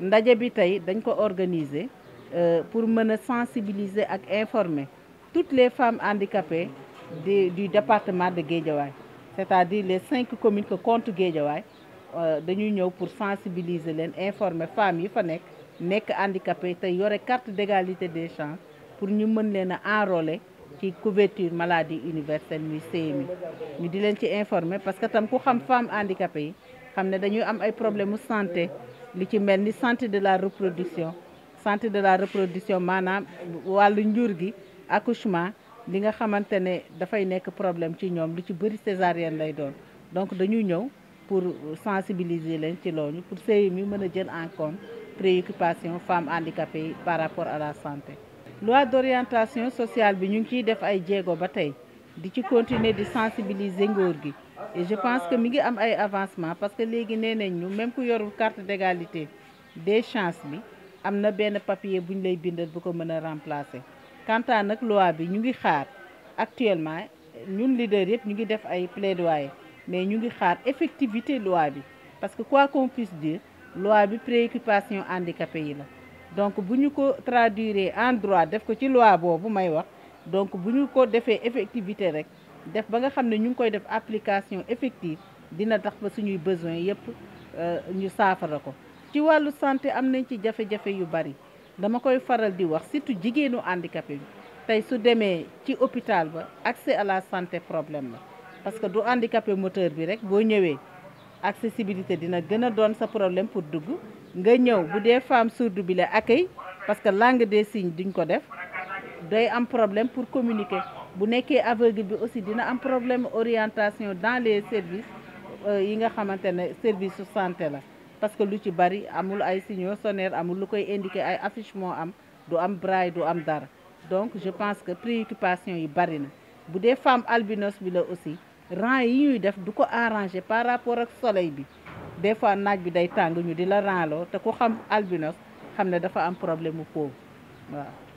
ndaje bi tey dañ ko organiser euh, pour mën a sensibiliser ak informer toutes les femmes handicapées du département de Guédiawaye c'est-à-dire les cinq communes que compte Guédiawaye euh, dañuy ñëw pour sensibiliser leen informer femmes yi fa nekk nekk handicapé te yore carte d'égalité des chances pour ñu mën leen a enrôler ci couverture maladie universelle muy CMU ñu di leen ci informer parce que tam ku xam femme handicapé yi xam ne dañuy am ay problème mu santé li ci mel ni santé de la reproduction santé de la reproduction maanaam wàllu njur gi accouchement li nga xamante ne dafay nekk problème ci ñoom lu ci bëri césarienne lay doon donc dañuy ñëw pour sensibiliser leen ci loolu pour sëy mi mën a jël en comme préoccupation femme handicapées yi par rapport à la santé loi d'orientation sociale bi ñu ngi ciy def ay jéego ba tey di ci continuer di sensibiliser ngóor gi et je pense que mi ngi am ay avancement parce que léegi nee nañ ñu même ku yorul carte d'égalité des chances bi am na benn papier bu ñu lay bindal bu ko mën a remplacer quant nag loi bi ñu ngi xaar actuellement ñun lider yëpp ñu ngi def ay plaidoyer mais ñu ngi xaar effectivité loi bi parce que quoi qu'on puisse dire loi bi préoccupation handicapé yi la donc bu ñu ko traduire en droit def ko ci loi boobu may wax donc bu ñu ko defee effectivité rek def ba nga xam ne ñu ngi koy def application effective dina tax ba suñuy besoin yépp euh, ñu saafara ko ci wàllu santé am nañ ci jafe-jafe yu bari dama koy faral di wax surtout jigéenu handicapé bi tey su demee ci hôpital ba accès à la santé problème la parce que du handicapé moteur bi rek boo ñëwee accessibilité dina gën a doon sa problème pour dugg nga ñëw bu dee femme sourde bi la accueil parce que langue des signes duñ ko def day am problème pour communiquer bu nekkee aveugle bi aussi dina am problème orientation dans les services euh, yi nga xamante ne service su santé la parce que lu ci bari amul ay signaux sonores amul lu koy indiquer ay affiche am du am braille du am dara donc je pense que préoccupation yi bari na bu dee femme albinos bi la aussi rang yi ñuy def du ko arrangé par rapport ak soleil bi des fois naaj bi day tàng ñu di la ranloo te ku xam albinos xam ne dafa am problème mu foofu waaw